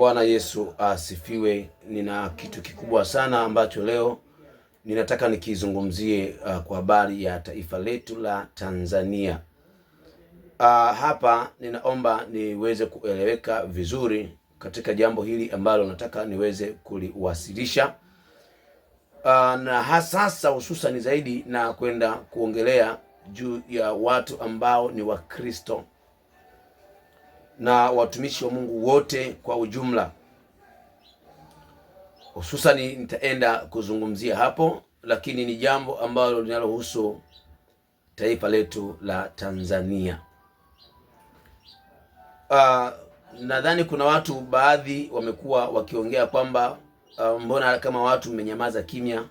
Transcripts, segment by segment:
Bwana Yesu asifiwe. Nina kitu kikubwa sana ambacho leo ninataka nikizungumzie uh, kwa habari ya taifa letu la Tanzania. Uh, hapa ninaomba niweze kueleweka vizuri katika jambo hili ambalo nataka niweze kuliwasilisha uh, na hasasa hususan zaidi na kwenda kuongelea juu ya watu ambao ni Wakristo na watumishi wa Mungu wote kwa ujumla. Hususani nitaenda kuzungumzia hapo, lakini ni jambo ambalo linalohusu taifa letu la Tanzania. Uh, nadhani kuna watu baadhi wamekuwa wakiongea kwamba uh, mbona kama watu mmenyamaza kimya,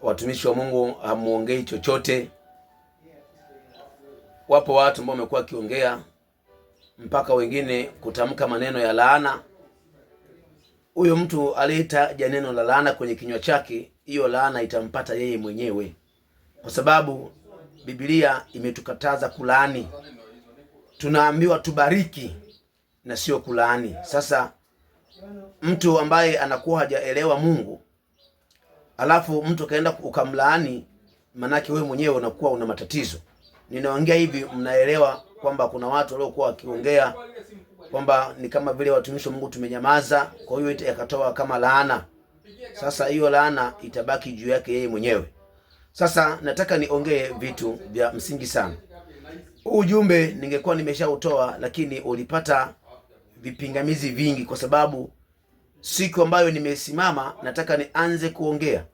watumishi wa Mungu hamuongei chochote. Wapo watu ambao wamekuwa wakiongea mpaka wengine kutamka maneno ya laana. Huyo mtu aliyetaja neno la laana kwenye kinywa chake, hiyo laana itampata yeye mwenyewe, kwa sababu Biblia imetukataza kulaani. Tunaambiwa tubariki na sio kulaani. Sasa mtu ambaye anakuwa hajaelewa Mungu alafu mtu akaenda ukamlaani, manake wewe mwenyewe unakuwa una matatizo. Ninaongea hivi, mnaelewa kwamba kuna watu waliokuwa wakiongea kwamba ni kama vile watumishi wa Mungu tumenyamaza, kwa hiyo yakatoa kama laana. Sasa hiyo laana itabaki juu yake yeye mwenyewe. Sasa nataka niongee vitu vya msingi sana. ujumbe ningekuwa nimeshautoa, lakini ulipata vipingamizi vingi, kwa sababu siku ambayo nimesimama nataka nianze kuongea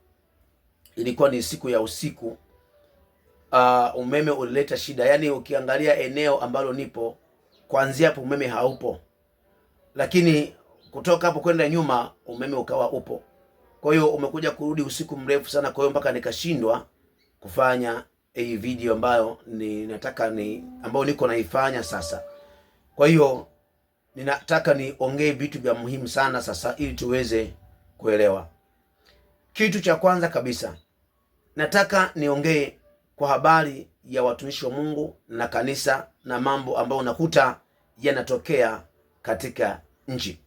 ilikuwa ni siku ya usiku uh, umeme ulileta shida. Yaani ukiangalia eneo ambalo nipo kuanzia hapo umeme haupo, lakini kutoka hapo kwenda nyuma umeme ukawa upo. Kwa hiyo umekuja kurudi usiku mrefu sana, kwa hiyo mpaka nikashindwa kufanya hii video ambayo ni nataka ni ambayo niko naifanya sasa. Kwa hiyo ninataka niongee vitu vya muhimu sana sasa, ili tuweze kuelewa. Kitu cha kwanza kabisa nataka niongee kwa habari ya watumishi wa Mungu na kanisa na mambo ambayo unakuta yanatokea katika nchi.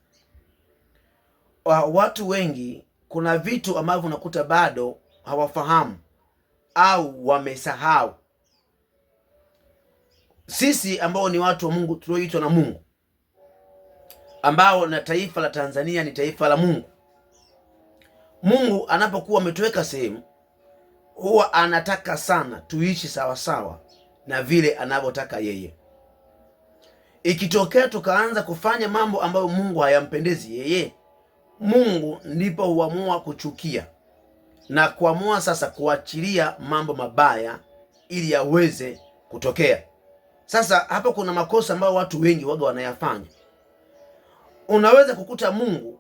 Watu wengi, kuna vitu ambavyo unakuta bado hawafahamu au wamesahau. Sisi ambao ni watu wa Mungu tulioitwa na Mungu, ambao na taifa la Tanzania ni taifa la Mungu, Mungu anapokuwa ametuweka sehemu huwa anataka sana tuishi sawasawa na vile anavyotaka yeye. Ikitokea tukaanza kufanya mambo ambayo Mungu hayampendezi yeye, Mungu ndipo huamua kuchukia na kuamua sasa kuachilia mambo mabaya ili yaweze kutokea. Sasa hapo kuna makosa ambayo watu wengi waga wanayafanya. Unaweza kukuta Mungu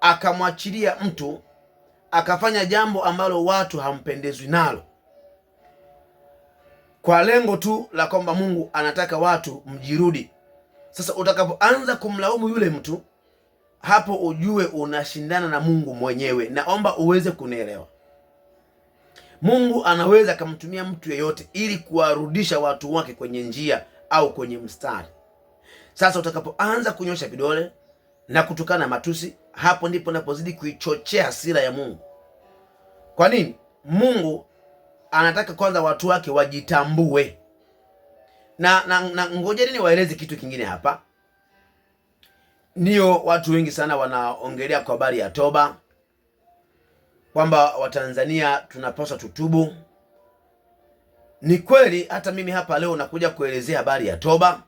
akamwachilia mtu akafanya jambo ambalo watu hampendezwi nalo kwa lengo tu la kwamba Mungu anataka watu mjirudi. Sasa utakapoanza kumlaumu yule mtu, hapo ujue unashindana na Mungu mwenyewe. Naomba uweze kunielewa. Mungu anaweza akamtumia mtu yeyote ili kuwarudisha watu wake kwenye njia au kwenye mstari. Sasa utakapoanza kunyosha vidole na kutukana matusi, hapo ndipo napozidi kuichochea hasira ya Mungu. Kwa nini? Mungu anataka kwanza watu wake wajitambue, na, na, na ngoja nini waeleze kitu kingine hapa. Ndio watu wengi sana wanaongelea kwa habari ya toba kwamba Watanzania tunapaswa tutubu. Ni kweli, hata mimi hapa leo nakuja kuelezea habari ya toba,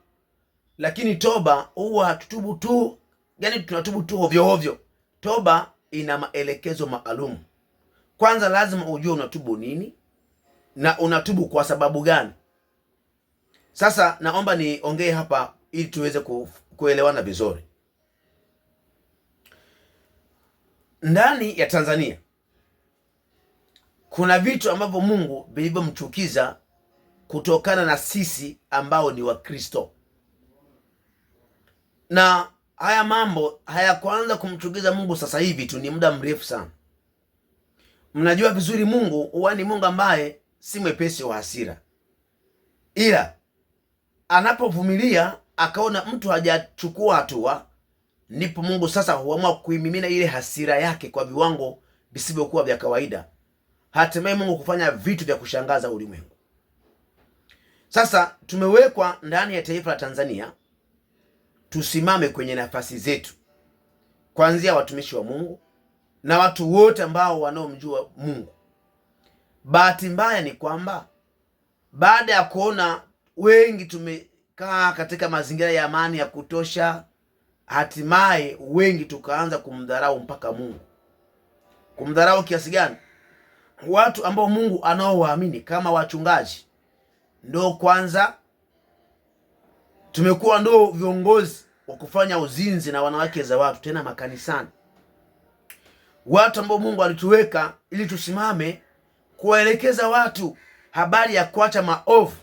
lakini toba huwa hatutubu tu yani tunatubu tu hovyo hovyo. Toba ina maelekezo maalum. Kwanza lazima ujue unatubu nini na unatubu kwa sababu gani. Sasa naomba niongee hapa ili tuweze kuelewana vizuri. Ndani ya Tanzania kuna vitu ambavyo Mungu vilivyomchukiza kutokana na sisi ambao ni Wakristo na haya mambo hayakuanza kumchukiza Mungu sasa hivi tu, ni muda mrefu sana. Mnajua vizuri Mungu huwa ni Mungu ambaye si mwepesi wa hasira, ila anapovumilia akaona mtu hajachukua hatua, ndipo Mungu sasa huamua kuimimina ile hasira yake kwa viwango visivyokuwa vya kawaida, hatimaye Mungu kufanya vitu vya kushangaza ulimwengu. Sasa tumewekwa ndani ya taifa la Tanzania tusimame kwenye nafasi zetu, kuanzia watumishi wa Mungu na watu wote ambao wanaomjua Mungu. Bahati mbaya ni kwamba baada ya kuona wengi tumekaa katika mazingira ya amani ya kutosha, hatimaye wengi tukaanza kumdharau mpaka Mungu. Kumdharau kiasi gani? Watu ambao Mungu anaowaamini kama wachungaji, ndo kwanza Tumekuwa ndo viongozi wa kufanya uzinzi na wanawake za watu, tena makanisani. Watu ambao Mungu alituweka ili tusimame kuwaelekeza watu habari ya kuacha maovu,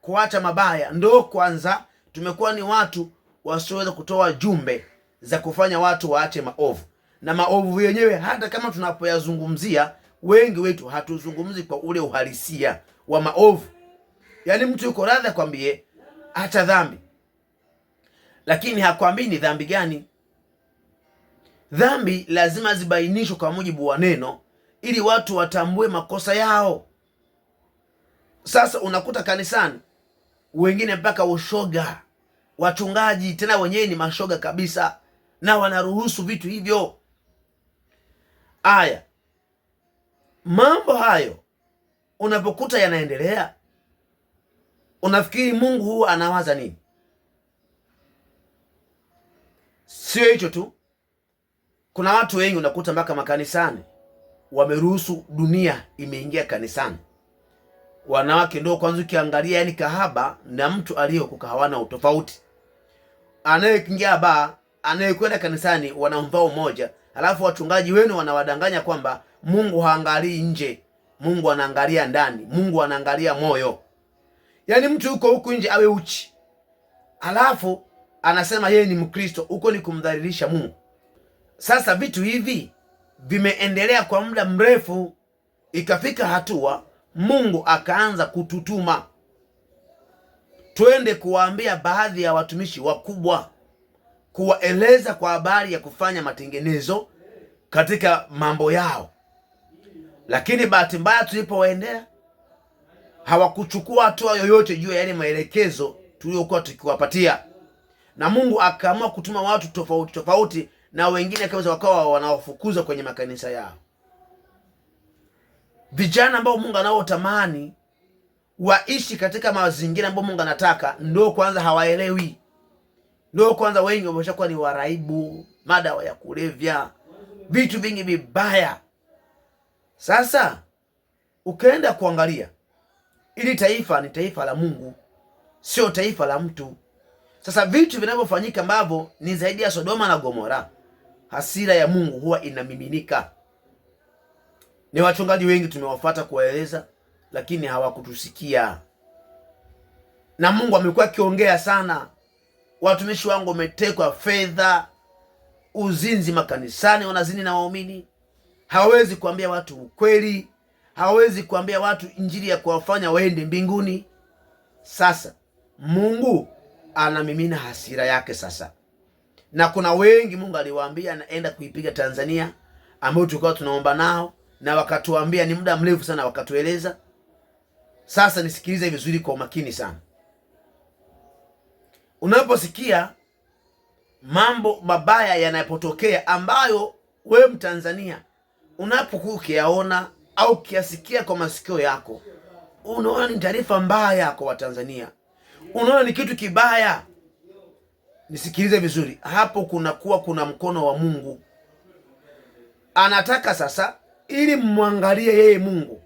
kuacha mabaya, ndo kwanza tumekuwa ni watu wasioweza kutoa jumbe za kufanya watu waache maovu. Na maovu yenyewe hata kama tunapoyazungumzia, wengi wetu hatuzungumzi kwa ule uhalisia wa maovu. Yaani mtu yuko radhi akwambie hata dhambi, lakini hakwambii ni dhambi gani. Dhambi lazima zibainishwe kwa mujibu wa neno, ili watu watambue makosa yao. Sasa unakuta kanisani wengine mpaka ushoga, wachungaji tena wenyewe ni mashoga kabisa, na wanaruhusu vitu hivyo. Aya, mambo hayo unapokuta yanaendelea Unafikiri Mungu huwa anawaza nini? Sio hicho tu, kuna watu wengi unakuta mpaka makanisani wameruhusu dunia imeingia kanisani. Wanawake ndio kwanza, ukiangalia yani kahaba na mtu aliyeokoka hawana utofauti. Anayeingia baa, anayekwenda kanisani wanamvaa umoja, alafu wachungaji wenu wanawadanganya kwamba Mungu haangalii nje, Mungu anaangalia ndani, Mungu anaangalia moyo. Yaani mtu yuko huku nje awe uchi, alafu anasema yeye ni Mkristo, huko ni kumdhalilisha Mungu. Sasa vitu hivi vimeendelea kwa muda mrefu, ikafika hatua Mungu akaanza kututuma twende kuwaambia baadhi ya watumishi wakubwa, kuwaeleza kwa habari ya kufanya matengenezo katika mambo yao, lakini bahati mbaya tulipowaendea hawakuchukua hatua yoyote juu ya yale maelekezo tuliyokuwa tukiwapatia, na Mungu akaamua kutuma watu tofauti tofauti, na wengine akaweza wakawa wanawafukuza kwenye makanisa yao. Vijana ambao Mungu anaotamani waishi katika mazingira ambayo Mungu anataka, ndio kwanza hawaelewi, ndio kwanza wengi wameshakuwa ni waraibu, madawa ya kulevya, vitu vingi vibaya. Sasa ukaenda kuangalia Hili taifa ni taifa la Mungu, sio taifa la mtu. Sasa vitu vinavyofanyika ambavyo ni zaidi ya Sodoma na Gomora, hasira ya Mungu huwa inamiminika. Ni wachungaji wengi tumewafuata kuwaeleza, lakini hawakutusikia, na Mungu amekuwa akiongea sana. Watumishi wangu wametekwa fedha, uzinzi makanisani, wanazini na waumini, hawezi kuambia watu ukweli hawezi kuambia watu injili ya kuwafanya waende mbinguni. Sasa Mungu anamimina hasira yake sasa, na kuna wengi Mungu aliwaambia anaenda kuipiga Tanzania, ambao tulikuwa tunaomba nao na wakatuambia ni muda mrefu sana, wakatueleza. Sasa nisikilize vizuri kwa umakini sana, unaposikia mambo mabaya yanapotokea ambayo we Mtanzania unapokuwa ukiyaona au ukiasikia kwa masikio yako, unaona ni taarifa mbaya kwa Watanzania, unaona ni kitu kibaya, nisikilize vizuri hapo, kunakuwa kuna mkono wa Mungu anataka sasa, ili mmwangalie yeye Mungu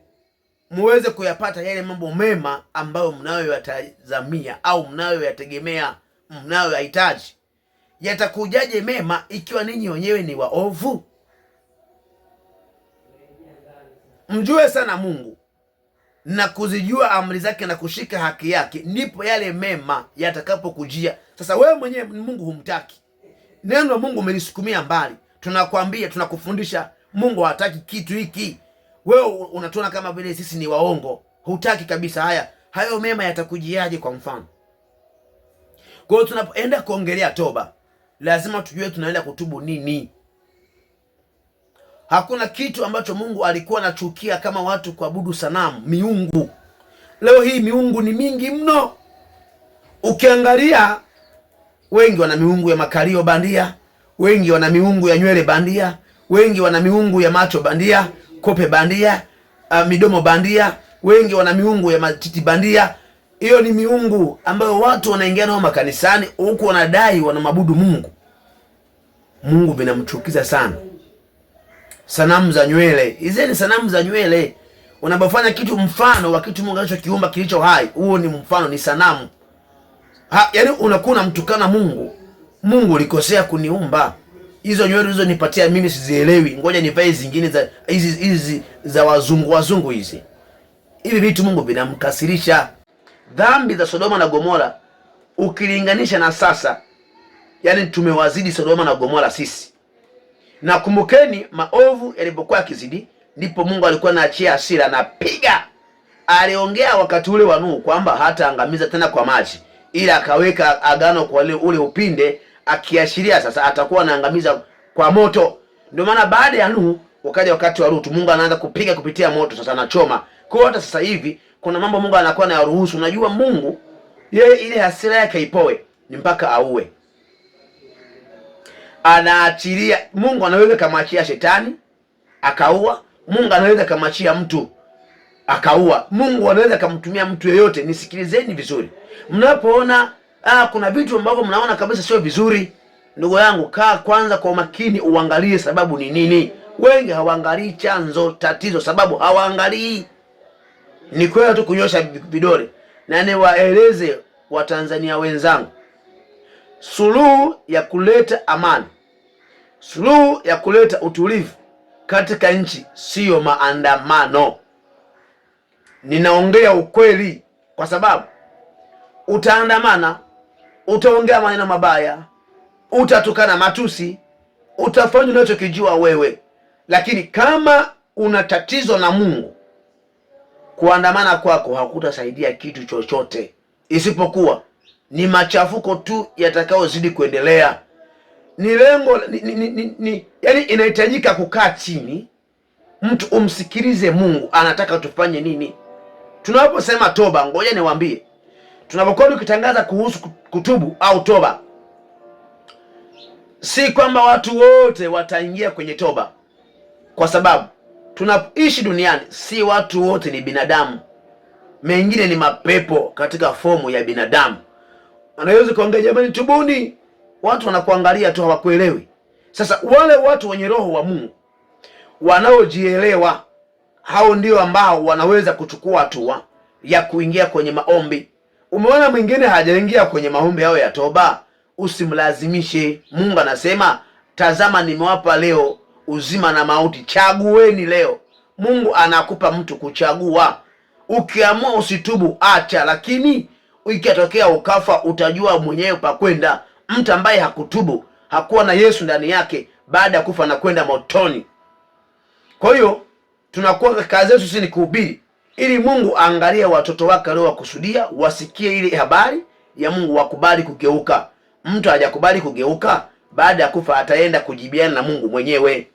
muweze kuyapata yale mambo mema ambayo mnayoyatazamia au mnayoyategemea mnayoyahitaji. Yatakujaje mema ikiwa ninyi wenyewe ni waovu? mjue sana Mungu na kuzijua amri zake na kushika haki yake, ndipo yale mema yatakapokujia. Sasa wewe mwenyewe Mungu humtaki, neno la Mungu umelisukumia mbali. Tunakwambia, tunakufundisha Mungu hataki kitu hiki. Wewe unatuona kama vile sisi ni waongo, hutaki kabisa. Haya, hayo mema yatakujiaje? Kwa mfano, kwa hiyo tunapoenda kuongelea toba, lazima tujue tunaenda kutubu nini. Hakuna kitu ambacho Mungu alikuwa anachukia kama watu kuabudu sanamu, miungu. Leo hii miungu ni mingi mno, ukiangalia wengi wana miungu ya makalio bandia, wengi wana miungu ya nywele bandia, wengi wana miungu ya macho bandia, kope bandia, uh, midomo bandia, wengi wana miungu ya matiti bandia. Hiyo ni miungu ambayo watu wanaingia nao makanisani, huku wanadai wanamwabudu Mungu. Mungu vinamchukiza sana sanamu za nywele. Hizi ni sanamu za nywele. Unapofanya kitu mfano wa kitu Mungu alichokiumba kilicho hai, huo ni mfano, ni sanamu. Ha, yaani unakuwa unamtukana Mungu. Mungu ulikosea kuniumba. Hizo nywele hizo nipatia mimi sizielewi. Ngoja nivae zingine za hizi hizi za wazungu wazungu hizi. Hivi vitu Mungu vinamkasirisha. Dhambi za Sodoma na Gomora ukilinganisha na sasa, yaani tumewazidi Sodoma na Gomora sisi. Na kumbukeni, maovu yalipokuwa yakizidi, ndipo Mungu alikuwa anaachia hasira, anapiga. Aliongea wakati ule wa Nuhu kwamba hataangamiza tena kwa maji, ila akaweka agano kwa ule upinde, akiashiria sasa atakuwa anaangamiza kwa moto. Ndio maana baada ya Nuhu ukaja wakati wa Lutu, Mungu anaanza kupiga kupitia moto, sasa anachoma. Kwa hiyo hata sasa hivi kuna mambo Mungu anakuwa anayaruhusu. Unajua Mungu yeye ile hasira yake ipoe ni mpaka auwe anaachilia. Mungu anaweza kamwachia shetani akaua. Mungu anaweza kamwachia mtu akaua. Mungu anaweza kamtumia mtu yeyote. Nisikilizeni vizuri, mnapoona ah, kuna vitu ambavyo mnaona kabisa sio vizuri, ndugu yangu, kaa kwanza kwa umakini, uangalie sababu ni nini. Wengi hawaangalii chanzo tatizo, sababu hawaangalii. Ni kwenda tu kunyosha vidole, na niwaeleze Watanzania wenzangu, suluhu ya kuleta amani Suluhu ya kuleta utulivu katika nchi siyo maandamano. Ninaongea ukweli, kwa sababu utaandamana, utaongea maneno mabaya, utatukana matusi, utafanya unachokijua wewe, lakini kama una tatizo na Mungu, kuandamana kwako hakutasaidia kitu chochote, isipokuwa ni machafuko tu yatakayozidi kuendelea ni lengo ni, ni, ni, ni, yani inahitajika kukaa chini mtu umsikilize Mungu anataka tufanye nini. Tunaposema toba, ngoja niwaambie, tunapokuwa tukitangaza kuhusu kutubu au toba, si kwamba watu wote wataingia kwenye toba, kwa sababu tunaishi duniani, si watu wote ni binadamu, mengine ni mapepo katika fomu ya binadamu anaweza kuongea, jamani, tubuni watu wanakuangalia tu hawakuelewi. Sasa wale watu wenye roho wa Mungu wanaojielewa, hao ndio ambao wanaweza kuchukua hatua ya kuingia kwenye maombi. Umeona mwingine hajaingia kwenye maombi yao ya toba, usimlazimishe. Mungu anasema tazama, nimewapa leo uzima na mauti, chagueni leo. Mungu anakupa mtu kuchagua. Ukiamua usitubu acha, lakini ikatokea ukafa, utajua mwenyewe pa kwenda. Mtu ambaye hakutubu hakuwa na Yesu ndani yake, baada ya kufa na kwenda motoni. Kwa hiyo tunakuwa kazi yetu sisi ni kuhubiri, ili Mungu aangalie watoto wake aliowakusudia wasikie ile habari ya Mungu, wakubali kugeuka. Mtu hajakubali kugeuka, baada ya kufa ataenda kujibiana na Mungu mwenyewe.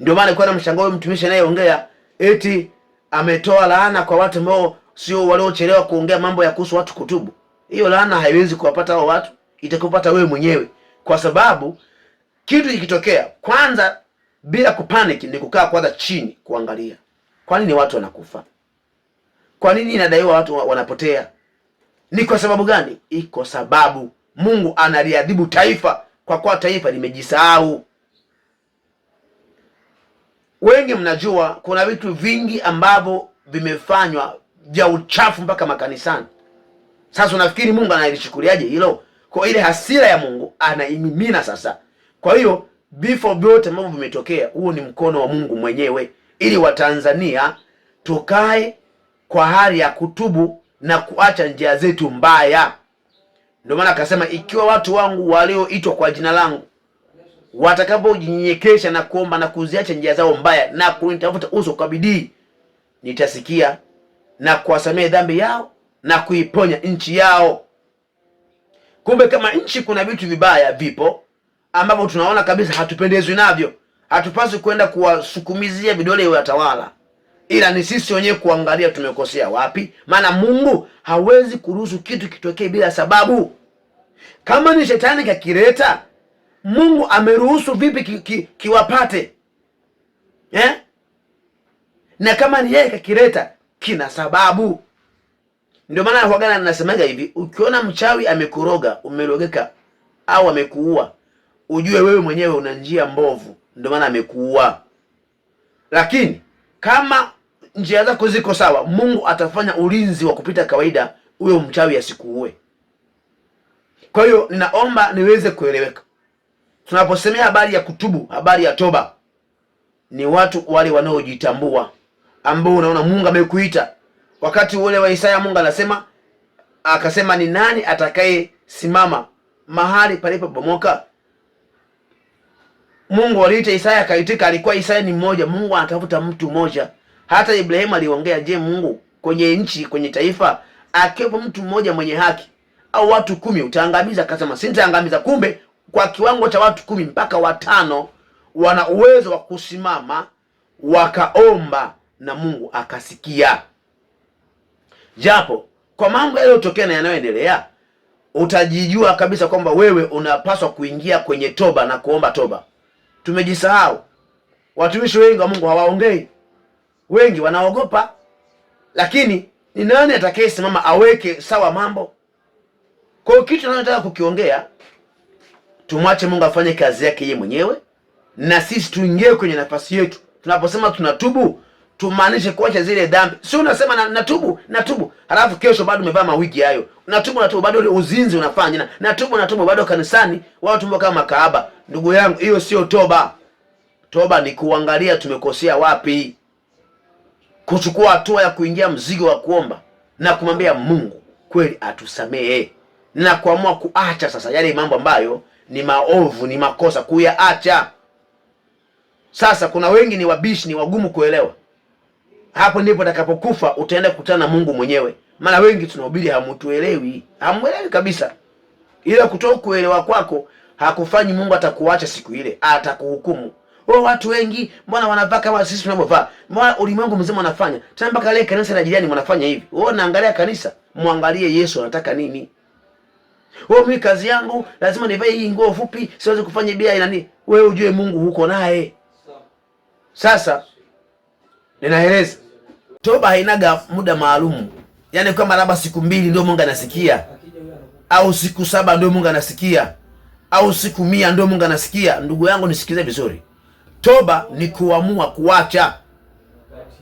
Ndio maana ilikuwa na mshangao huyo mtumishi anayeongea eti ametoa laana kwa watu ambao sio waliochelewa kuongea mambo ya kuhusu watu kutubu. Hiyo laana haiwezi kuwapata hao watu itakupata wewe mwenyewe, kwa sababu kitu ikitokea, kwanza bila kupanic ni kukaa kwanza chini kuangalia kwa nini watu wanakufa, kwa nini inadaiwa watu wanapotea, ni kwa sababu gani? Iko sababu. Mungu analiadhibu taifa kwa kuwa taifa limejisahau. Wengi mnajua kuna vitu vingi ambavyo vimefanywa vya uchafu mpaka makanisani. Sasa unafikiri Mungu analichukuliaje hilo? Kwa ile hasira ya Mungu anaimimina sasa. Kwa hiyo vifo vyote ambavyo vimetokea, huo ni mkono wa Mungu mwenyewe, ili Watanzania tukae kwa hali ya kutubu na kuacha njia zetu mbaya. Ndio maana akasema, ikiwa watu wangu walioitwa kwa jina langu watakapojinyenyekesha na kuomba na kuziacha njia zao mbaya na kunitafuta uso kwa bidii, nitasikia na kuwasamehe dhambi yao na kuiponya nchi yao. Kumbe kama nchi kuna vitu vibaya vipo ambavyo tunaona kabisa hatupendezwi navyo, hatupaswi kwenda kuwasukumizia vidole watawala, ila ni sisi wenyewe kuangalia tumekosea wapi, maana Mungu hawezi kuruhusu kitu kitokee bila sababu. Kama ni shetani kakileta, Mungu ameruhusu vipi ki, ki, kiwapate eh? na kama ni yeye kakileta, kina sababu. Ndio maana Wagana nasemaga hivi, ukiona mchawi amekuroga, umerogeka au amekuua, ujue wewe mwenyewe una njia mbovu, ndio maana amekuua. Lakini kama njia zako ziko sawa, Mungu atafanya ulinzi wa kupita kawaida, huyo mchawi asikuue. Kwa hiyo ninaomba niweze kueleweka. Tunaposemea habari ya kutubu, habari ya toba, ni watu wale wanaojitambua, ambao unaona Mungu amekuita Wakati ule wa Isaya Mungu anasema akasema, ni nani atakayesimama mahali palipobomoka? Mungu aliita Isaya akaitika. Alikuwa Isaya ni mmoja, Mungu anatafuta mtu mmoja. Hata Ibrahimu aliongea, je, Mungu kwenye nchi, kwenye taifa akiwepo mtu mmoja mwenye haki au watu kumi utaangamiza? Akasema sintaangamiza. Kumbe kwa kiwango cha watu kumi mpaka watano wana uwezo wa kusimama wakaomba na Mungu akasikia japo kwa mambo yaliyotokea na yanayoendelea utajijua kabisa kwamba wewe unapaswa kuingia kwenye toba na kuomba toba. Tumejisahau, watumishi wengi wa Mungu hawaongei, wengi wanaogopa. Lakini ni nani atakayesimama aweke sawa mambo? Kwa hiyo kitu anayotaka kukiongea, tumwache Mungu afanye kazi yake yeye mwenyewe, na sisi tuingie kwenye nafasi yetu. Tunaposema tunatubu tumaanishe kuacha zile dhambi, si unasema na, natubu natubu, halafu kesho bado umevaa mawigi hayo, natubu natubu, bado ule uzinzi unafanya, natubu natubu, bado kanisani wao tumbo kama kaaba. Ndugu yangu, hiyo sio toba. Toba ni kuangalia tumekosea wapi, kuchukua hatua ya kuingia mzigo wa kuomba na kumwambia Mungu kweli atusamehe na kuamua kuacha sasa yale mambo ambayo ni maovu, ni makosa, kuyaacha. Sasa kuna wengi ni wabishi, ni wagumu kuelewa hapo ndipo atakapokufa utaenda kukutana na Mungu mwenyewe. Mara wengi tunahubiri, hamtuelewi, hamuelewi kabisa, ila kutoka kuelewa kwako hakufanyi Mungu atakuacha siku ile, atakuhukumu. O, watu wengi mbona wanavaa kama sisi tunavyovaa? Mbona ulimwengu mzima wanafanya tena, mpaka leo kanisa la jirani wanafanya hivi. O, naangalia kanisa, muangalie Yesu anataka nini. O, mimi kazi yangu lazima nivae hii nguo fupi, siwezi kufanya ina nini. Wewe ujue Mungu huko naye. Sasa Ninaeleza, toba hainaga muda maalumu, yaani kwamba labda siku mbili ndio Mungu anasikia au siku saba ndio Mungu anasikia au siku mia ndio Mungu anasikia. Ndugu yangu, nisikize vizuri, toba ni kuamua kuacha.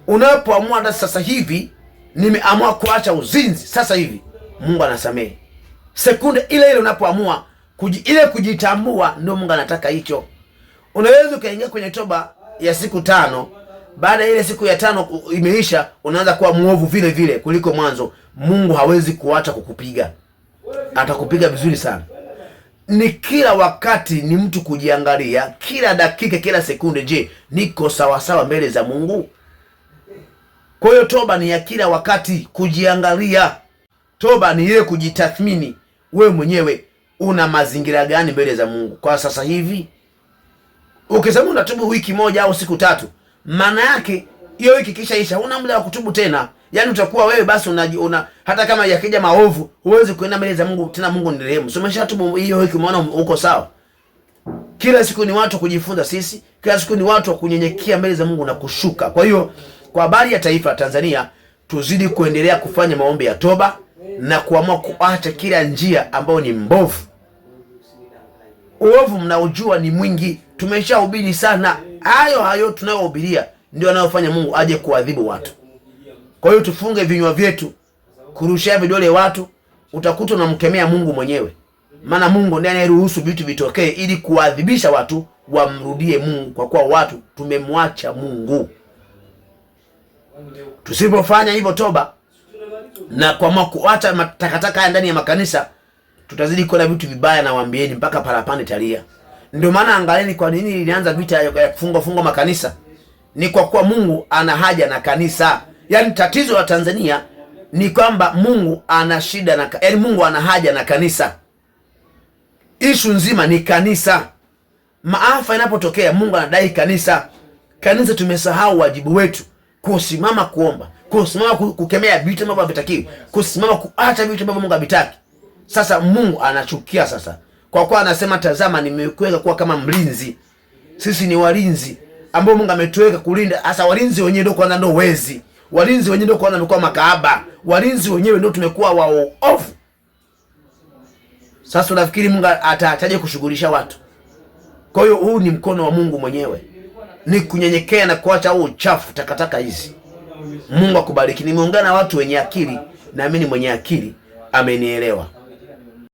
Unapoamua hata sasa hivi, nimeamua kuacha uzinzi sasa hivi, Mungu anasamehe sekunde ile ile. Unapoamua kuji, ile kujitambua, ndio Mungu anataka hicho. Unaweza ukaingia kwenye toba ya siku tano baada ya ile siku ya tano imeisha, unaanza kuwa mwovu vile vile kuliko mwanzo. Mungu hawezi kuacha kukupiga, atakupiga vizuri sana. Ni kila wakati ni mtu kujiangalia, kila dakika, kila sekunde. Je, niko sawasawa mbele za Mungu? Kwa hiyo toba ni ya kila wakati, kujiangalia. Toba ni ile kujitathmini wewe mwenyewe, una mazingira gani mbele za Mungu kwa sasa hivi. Ukisema unatubu wiki moja au siku tatu maana yake hiyo wiki kishaisha, huna muda wa kutubu tena. Yaani utakuwa wewe basi unajiona, hata kama yakija maovu huwezi kuenda mbele za Mungu tena, Mungu ni rehemu. So tubu hiyo wiki, umeona uko sawa. Kila siku ni watu kujifunza sisi, kila siku ni watu wa kunyenyekea mbele za Mungu na kushuka. Kwa hiyo kwa habari ya taifa la Tanzania, tuzidi kuendelea kufanya maombi ya toba na kuamua kuacha kila njia ambayo ni mbovu. Uovu mnaojua ni mwingi, tumeshahubiri sana hayo hayo tunayohubiria ndio anayofanya Mungu aje kuadhibu watu. Kwa hiyo tufunge vinywa vyetu kurushia vidole watu, utakuta unamkemea Mungu mwenyewe, maana Mungu ndiye anayeruhusu vitu vitokee ili kuadhibisha watu wamrudie Mungu, kwa kuwa watu tumemwacha Mungu. Tusipofanya hivyo toba na kwa kuacha matakataka haya ndani ya makanisa, tutazidi kuona vitu vibaya, na waambieni mpaka parapanda italia. Ndio maana angalieni, kwa nini ilianza vita ya kufunga funga makanisa? Ni kwa kuwa Mungu ana haja na kanisa. Yaani tatizo la Tanzania ni kwamba Mungu ana shida na, yaani Mungu ana haja na kanisa. Ishu nzima ni kanisa. Maafa yanapotokea Mungu anadai kanisa. Kanisa tumesahau wajibu wetu, kusimama kuomba, kusimama kukemea vitu ambavyo havitakiwi, kusimama kuacha vitu ambavyo Mungu havitaki. Sasa Mungu anachukia sasa kwa kuwa anasema, tazama, nimekuweka kuwa kama mlinzi. Sisi ni walinzi ambao Mungu ametuweka kulinda. Hasa walinzi wenyewe ndio kwanza ndio wezi, walinzi wenyewe ndio kwanza wamekuwa makaaba, walinzi wenyewe ndio tumekuwa waovu. Sasa unafikiri Mungu atataje kushughulisha watu? Kwa hiyo huu ni mkono wa Mungu mwenyewe, ni kunyenyekea na kuacha huu uchafu, takataka hizi. Mungu akubariki. Nimeongea na watu wenye akili, na mimi ni mwenye akili amenielewa.